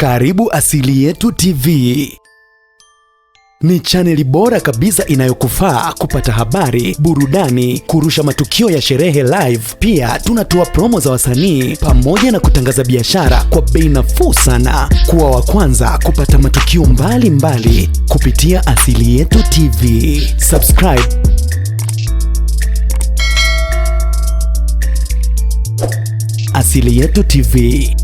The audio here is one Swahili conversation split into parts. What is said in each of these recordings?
Karibu Asili Yetu TV ni chaneli bora kabisa inayokufaa kupata habari, burudani, kurusha matukio ya sherehe live. Pia tunatoa promo za wasanii pamoja na kutangaza biashara kwa bei nafuu sana. Kuwa wa kwanza kupata matukio mbalimbali mbali kupitia Asili Yetu TV. Subscribe. Asili Yetu TV.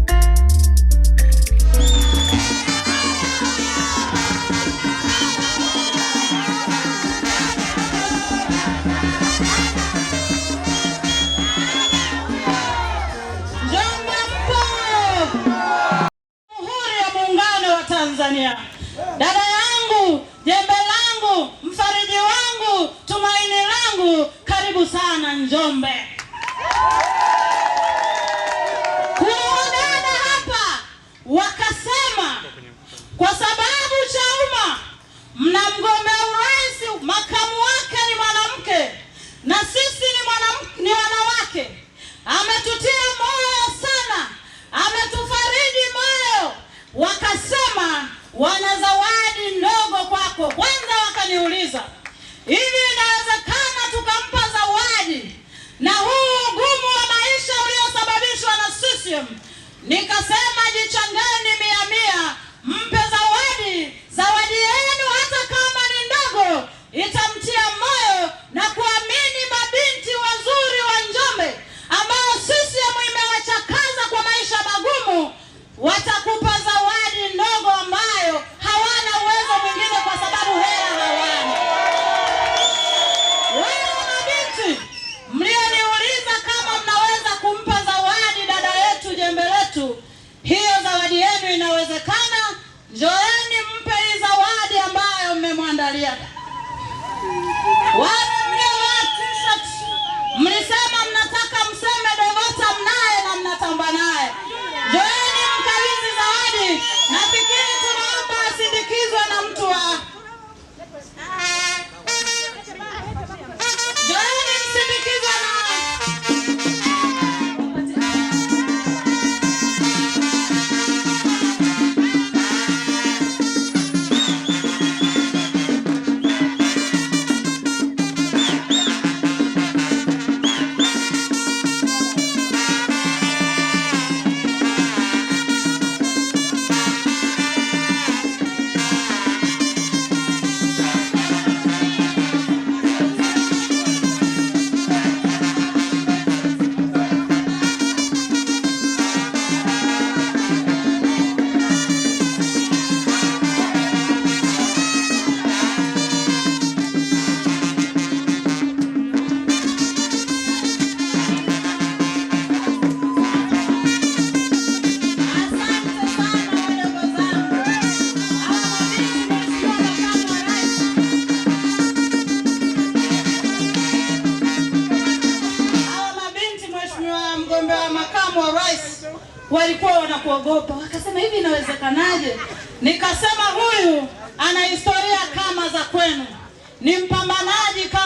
Tanzania. Dada yangu, jembe langu, mfariji wangu, tumaini langu, karibu sana Njombe. wana zawadi ndogo kwako. Kwanza wakaniuliza hivi, inawezekana tukampa zawadi na huu ugumu wa maisha uliosababishwa na system? Nikasema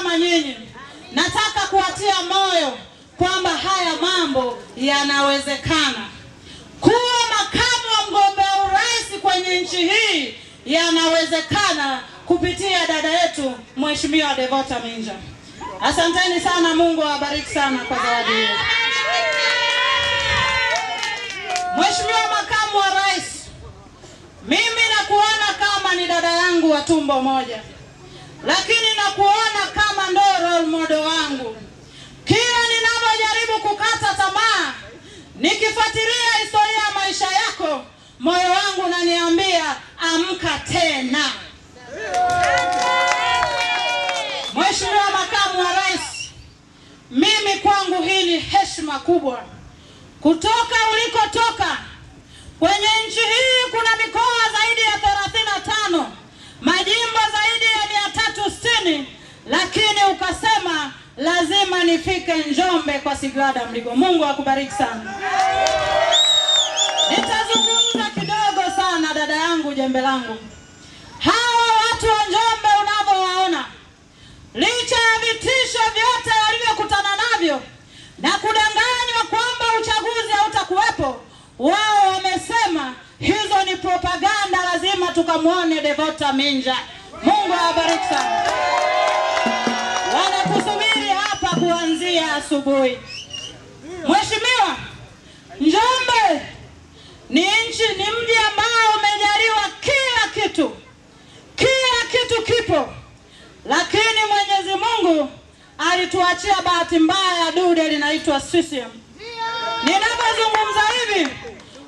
kama nyinyi. Nataka kuwatia moyo kwamba haya mambo yanawezekana. Kuwa makamu wa mgombea urais kwenye nchi hii yanawezekana kupitia dada yetu Mheshimiwa Devota Minja. Asanteni sana, Mungu awabariki sana kwa zawadi hiyo. Mheshimiwa makamu wa rais, mimi nakuona kama ni dada yangu wa tumbo moja lakini nakuona kama ndo role model wangu. Kila ninapojaribu kukata tamaa, nikifuatilia historia ya maisha yako, moyo wangu unaniambia amka tena. Mheshimiwa Makamu wa Rais, mimi kwangu hii ni heshima kubwa kutoka ulikotoka kwenye nchi hii kuna mikoa zaidi ya 35 majimbo lakini ukasema lazima nifike Njombe kwa Sigrada Mligo. Mungu akubariki sana. Nitazungumza kidogo sana, dada yangu, jembe langu. Hawa watu wa Njombe unavyowaona, licha ya vitisho vyote walivyokutana navyo na kudanganywa kwamba uchaguzi hautakuwepo, wao wamesema hizo ni propaganda, lazima tukamwone Devota Minja. Mungu awabariki sana kusubiri hapa kuanzia asubuhi. Mheshimiwa, Njombe ni nchi, ni mji ambao umejaliwa kila kitu, kila kitu kipo, lakini Mwenyezi Mungu alituachia bahati mbaya dude linaitwa CCM. Ninapozungumza hivi,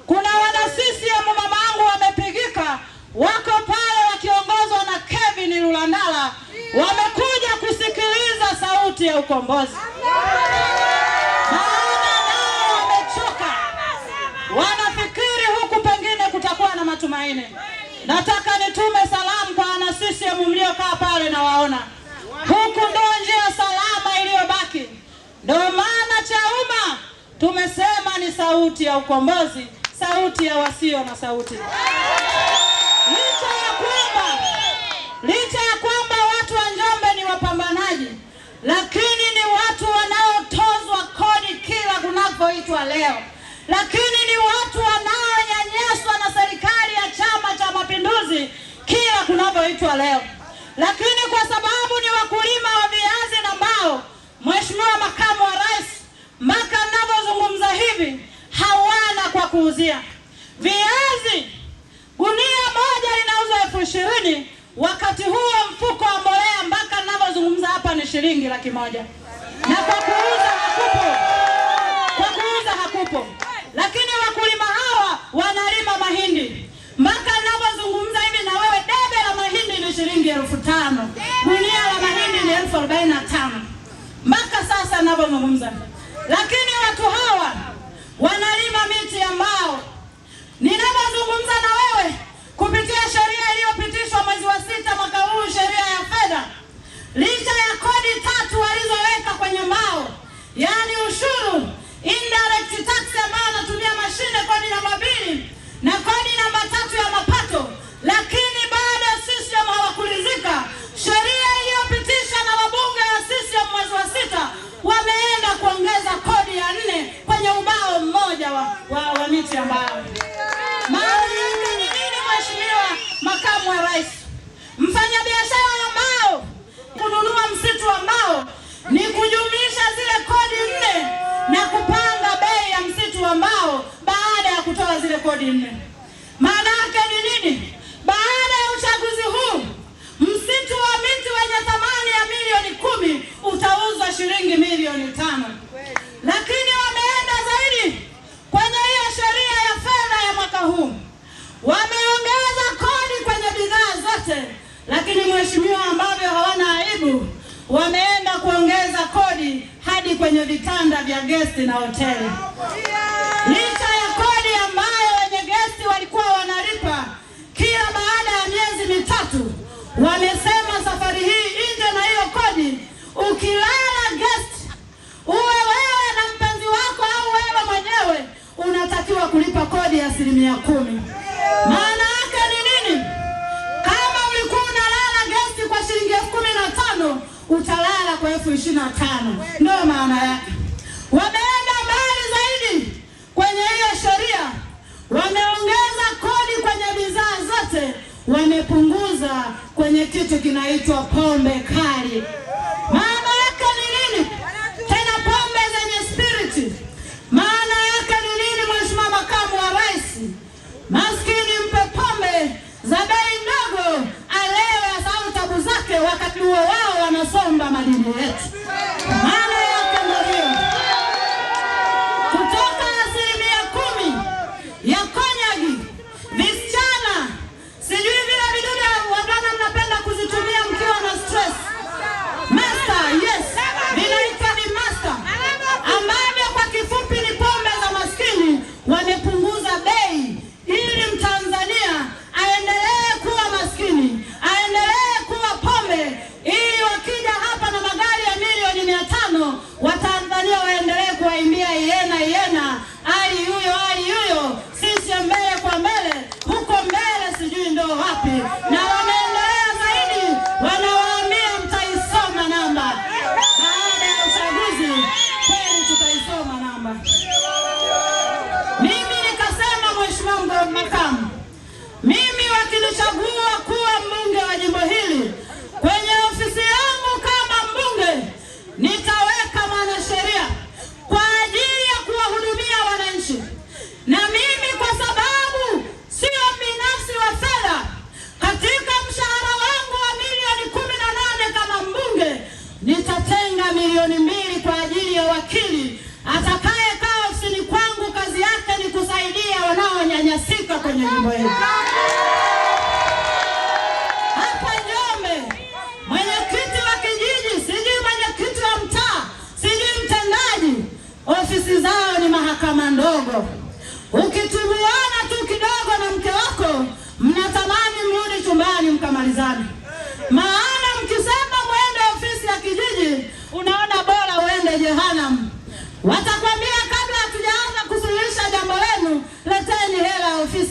kuna wana CCM mama wangu wamepigika, wako pale wakiongozwa na Kevin Lulandala, wamekuja kusi sauti ya ukombozi. Maana nao wamechoka, wanafikiri huku pengine kutakuwa na matumaini. Nataka nitume salamu kwa wana CCM mliokaa pale na waona, huku ndio njia salama iliyobaki. Ndio maana CHAUMMA tumesema ni sauti ya ukombozi, sauti ya wasio na sauti Licha lakini ni watu wanaotozwa kodi kila kunapoitwa leo, lakini ni watu wanaonyanyaswa na serikali ya Chama cha Mapinduzi kila kunapoitwa leo, lakini kwa sababu ni wakulima wa viazi na mbao, Mheshimiwa Makamu wa Rais, mpaka ninavyozungumza hivi hawana kwa kuuzia viazi. Gunia moja linauzwa elfu ishirini wakati huo mfuko wa mbolea hapa ni shilingi laki moja na kwa kuuza hakupo, kwa kuuza hakupo. Lakini wakulima hawa wanalima mahindi mpaka ninapozungumza hivi na wewe, debe la mahindi ni shilingi elfu tano gunia la mahindi ni elfu arobaini na tano mpaka sasa ninapozungumza. Lakini watu hawa wanalima miti ya mbao ninapozungumza na wewe licha ya kodi tatu walizoweka kwenye mbao, yaani ushuru indirect tax ambayo anatumia mashine kodi namba mbili na kodi namba tatu ya rekodi nne. Maana yake ni nini? Baada ya uchaguzi huu msitu wa miti wenye thamani ya milioni kumi utauzwa shilingi milioni tano, lakini wameenda zaidi kwenye hiyo sheria ya fedha ya mwaka huu, wameongeza kodi kwenye bidhaa zote, lakini mheshimiwa, ambavyo hawana aibu, wameenda kuongeza kodi hadi kwenye vitanda vya gesti na hoteli. Wamesema safari hii nje na hiyo kodi, ukilala guest, uwe wewe na mpenzi wako au wewe mwenyewe, unatakiwa kulipa kodi ya asilimia kumi. Maana yake ni nini? Kama ulikuwa unalala guest kwa shilingi elfu kumi na tano utalala kwa elfu ishirini na tano ndio maana yake. Wameenda mbali zaidi kwenye hiyo sheria, wameongeza kodi kwenye bidhaa zote, wamepunguza kutumbukiza kwenye kitu kinaitwa pombe kali. Maana yake ni nini? Tena pombe zenye spiriti. Maana yake ni nini, Mheshimiwa Makamu wa Rais? Maskini mpe pombe za bei ndogo, alewe, asahau tabu zake wakati huo.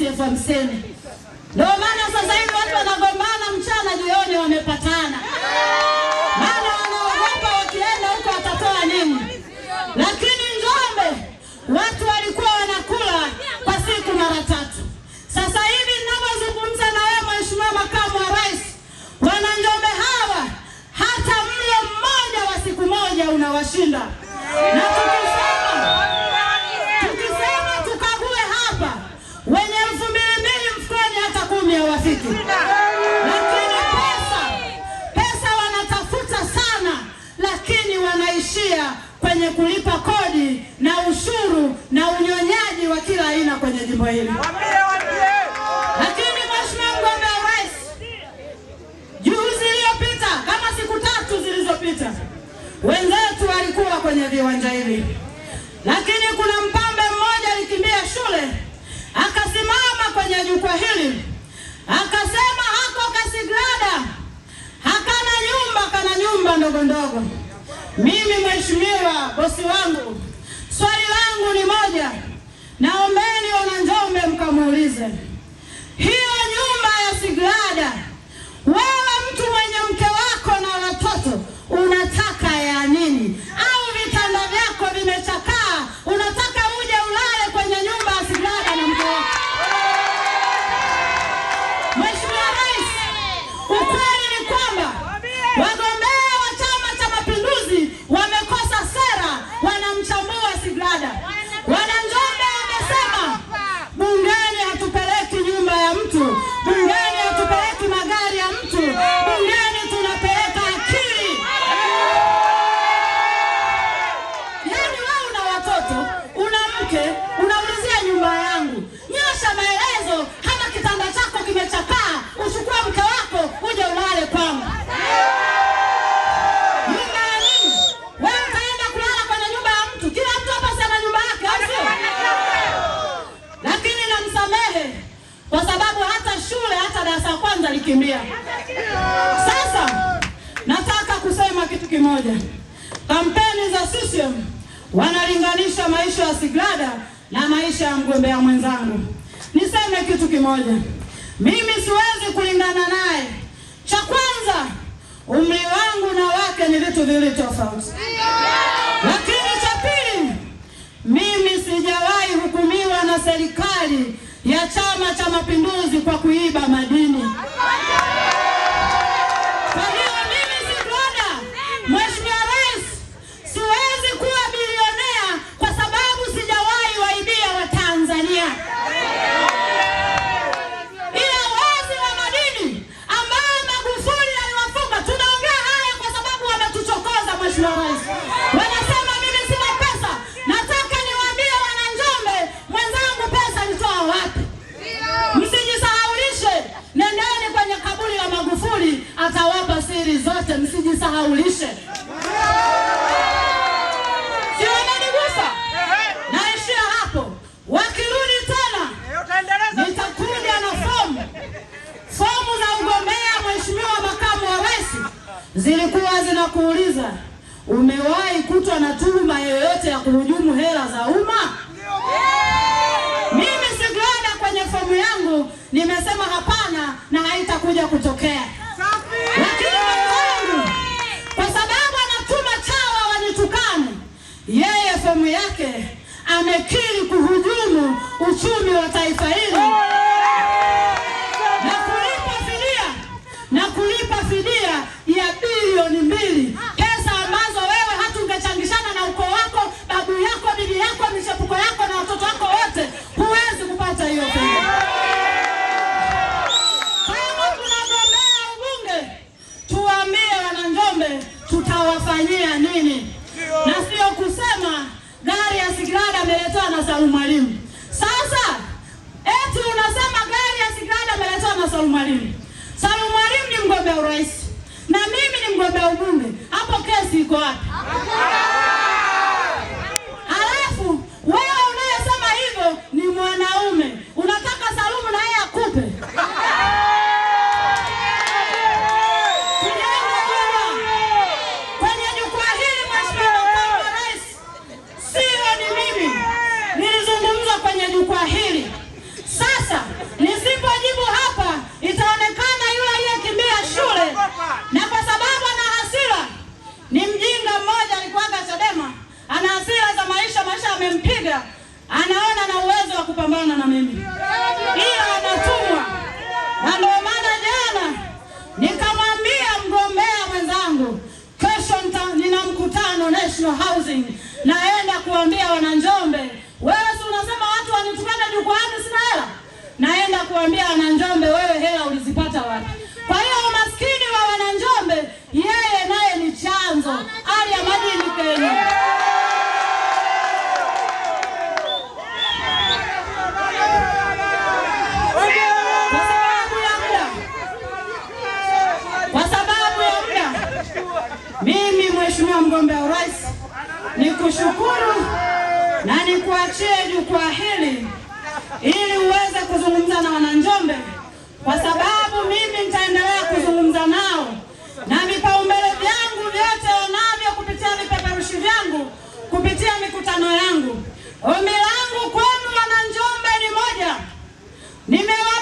elfu hamsini. Ndio maana sasa hivi watu wanagombana mchana jioni, wamepatana maana wanaogopa wakienda huko watatoa nini. Lakini Njombe watu walikuwa wanakula kwa siku mara tatu. Sasa hivi ninavyozungumza na wewe Mheshimiwa Makamu wa Rais, wananjombe hawa hata mlo mmoja wa siku moja unawashinda na Bolsonaro kwa sababu hata shule hata darasa kwanza likimbia. Sasa nataka kusema kitu kimoja, kampeni za CCM wanalinganisha maisha ya Sigrada na maisha ya mgombea mwenzangu. Niseme kitu kimoja, mimi siwezi kulingana naye. Cha kwanza, umri wangu na wake ni vitu viwili tofauti, lakini cha pili, mimi sijawahi hukumiwa na serikali ya Chama cha Mapinduzi kwa kuiba madini. kazi na kuuliza, umewahi kutwa na tuhuma yoyote ya kuhujumu hela za umma? Mimi sikuona kwenye fomu yangu nimesema hapana na haitakuja kutokea, lakini kwa sababu anatuma chawa wanitukane, yeye fomu yake amekiri kuhujumu uchumi wa taifa hili. milioni mbili, pesa ambazo wewe hata ungechangishana na ukoo wako, babu yako, bibi yako, michepuko yako na watoto wako wote, huwezi kupata hiyo fedha. Kama tunagombea ubunge, wana Njombe tutawafanyia nini, na sio kusema gari ya Sigrada ameletewa na Salum Mwalimu. Sasa eti unasema gari ya Sigrada ameletewa na Salum Mwalimu. Salum Mwalimu ni mgombea urais na mimi mgombea ubunge, hapo kesi iko wapi? anaona na uwezo wa kupambana na mimi, hiyo anatumwa. Na ndio maana jana nikamwambia mgombea mwenzangu, kesho nina mkutano National Housing, naenda kuambia wananjombe, wewe si unasema watu wanitukana jukwaani, sina hela. Naenda kuambia wananjombe, wewe hela ulizipata wapi? Kwa hiyo umaskini wa wananjombe, yeye naye ni chanzo. Hali ya madini Kenya Mimi Mheshimiwa mgombea urais, nikushukuru na nikuachie jukwaa hili ili uweze kuzungumza na wananjombe, kwa sababu mimi nitaendelea kuzungumza nao na vipaumbele vyangu vyote wanavyo kupitia vipeperushi vyangu, kupitia mikutano yangu. Ombi langu kwenu wananjombe ni moja, nimewa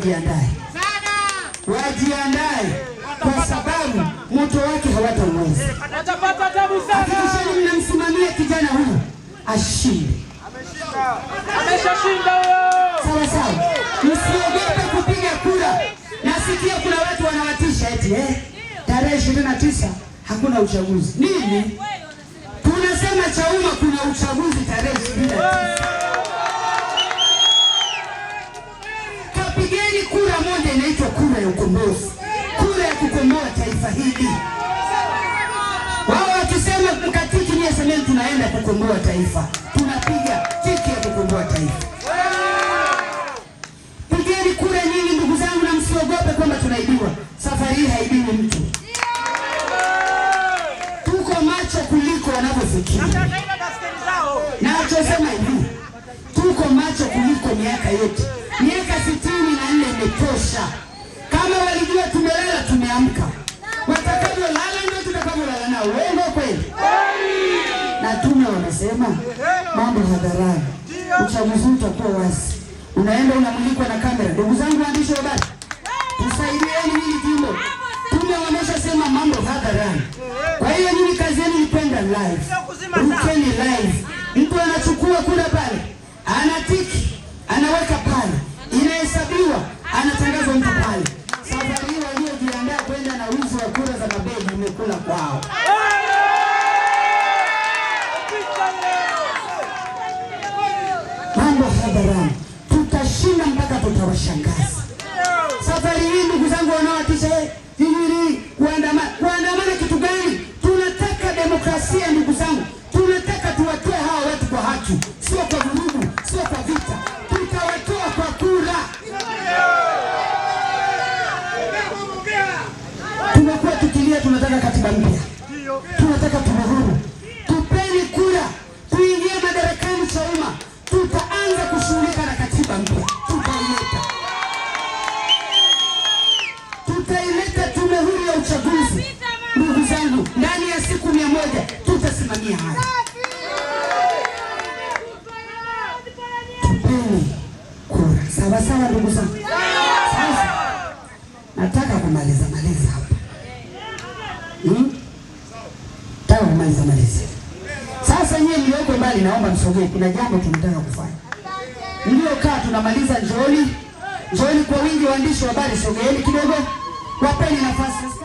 wajiandae, wajiandae kwa sababu moto wake hawatamweza. Hakikisheni mnamsimamia kijana huyu ashinde. Sawa sawa, msiogope kupiga kura. Nasikia kuna watu wanawatisha eti eh, tarehe ishirini na tisa hakuna uchaguzi. Nini tunasema chauma kuna uchaguzi tarehe ishirini na tisa. moja inaitwa kura ya ukombozi, kura ya kukomboa taifa hili. Wao wakisema mkatiki ni asemeni, tunaenda kukomboa taifa, tunapiga tiki ya kukomboa taifa. Pigeni kura nyingi, ndugu zangu, na msiogope kwamba tunaibiwa. Safari hii haibiwi mtu, tuko macho kuliko wanavyofikiri. Nachosema hivi, tuko macho kuliko miaka yote maisha. Kama walijua tumelala, tumeamka, watakavyolala ndio tutakavyolala na wengo kweli? Na tume wamesema mambo hadharani, uchaguzi utakuwa wazi, unaenda unamulikwa na kamera. Ndugu zangu waandishi wa habari, tusaidieni hili jimbo. Tume wameshasema mambo hadharani, kwa hiyo nyinyi kazi yenu ipenda live, rukeni live. Mtu anachukua kuna pale anatiki tunataka tuvuhuru, tupeni kura, tuingie madarakani Chauma, tutaanza kushughulika na katiba mpya, tutaileta tutaileta tume huru ya uchaguzi. Ndugu zangu, ndani ya siku mia moja tutasimamia haya. Tupeni kura sawasawa, ndugu zangu. Sasa nataka kumaliza Tafadhali naomba msogee, kuna jambo tunataka kufanya. Mliokaa tunamaliza, njooni, njooni kwa wingi. Waandishi wa habari, sogeeni kidogo, wapeni nafasi.